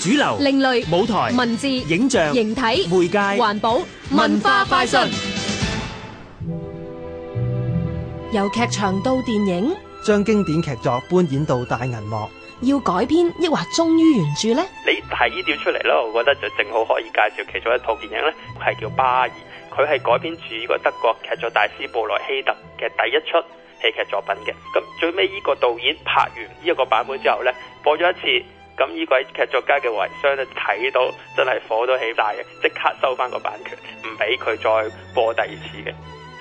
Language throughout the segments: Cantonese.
主流、另類舞台、文字、影像、形體、媒介、環保、文化快訊。由劇場到電影，將經典劇作搬演到大銀幕，要改編抑或忠於原著呢？你提呢條出嚟咯，我覺得就正好可以介紹其中一套電影咧，係叫巴爾《巴爾》，佢係改編自呢個德國劇作大師布萊希特嘅第一出戲劇作品嘅。咁最尾呢個導演拍完呢一個版本之後咧，播咗一次。咁呢位劇作家嘅遺孀咧睇到真係火都起曬嘅，即刻收翻個版權，唔俾佢再播第二次嘅。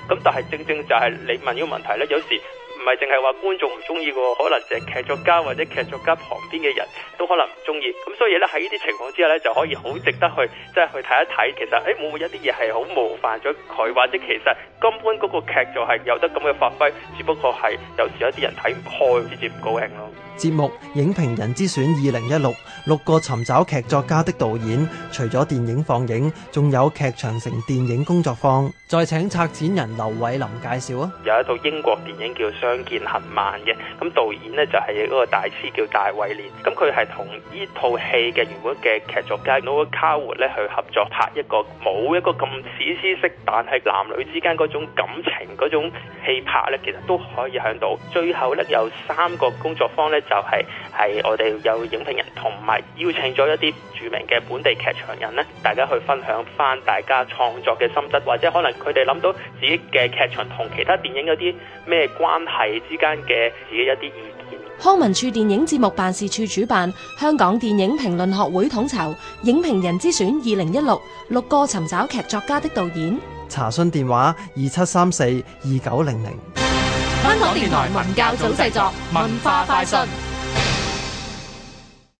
咁但係正正就係你問呢個問題咧，有時。唔係淨係話觀眾唔中意喎，可能淨係劇作家或者劇作家旁邊嘅人都可能唔中意。咁所以咧喺呢啲情況之下咧，就可以好值得去即係、就是、去睇一睇。其實誒、欸，會唔會一啲嘢係好冒犯咗佢，或者其實根本嗰個劇就係有得咁嘅發揮，只不過係有時有啲人睇唔開，直接唔高興咯。節目影評人之選二零一六，六個尋找劇作家的導演，除咗電影放映，仲有劇場城電影工作坊，再請策展人劉偉林介紹啊。有一套英國電影叫。相見恨晚嘅，咁導演咧就係、是、嗰個大師叫大衛連，咁佢係同呢套戲嘅原本嘅劇作家嗰個卡活咧去合作拍一個冇一個咁史詩式，但係男女之間嗰種感情嗰種戲拍咧，其實都可以響到。最後咧有三個工作坊咧，就係、是、係我哋有影評人同埋邀請咗一啲著名嘅本地劇場人咧，大家去分享翻大家創作嘅心得，或者可能佢哋諗到自己嘅劇場同其他電影有啲咩關係。係之間嘅自己有啲意見。康文署電影節目辦事處主辦，香港電影評論學會統籌影評人之選二零一六六個尋找劇作家的導演。查詢電話：二七三四二九零零。香港電台文教組製作，文化快訊。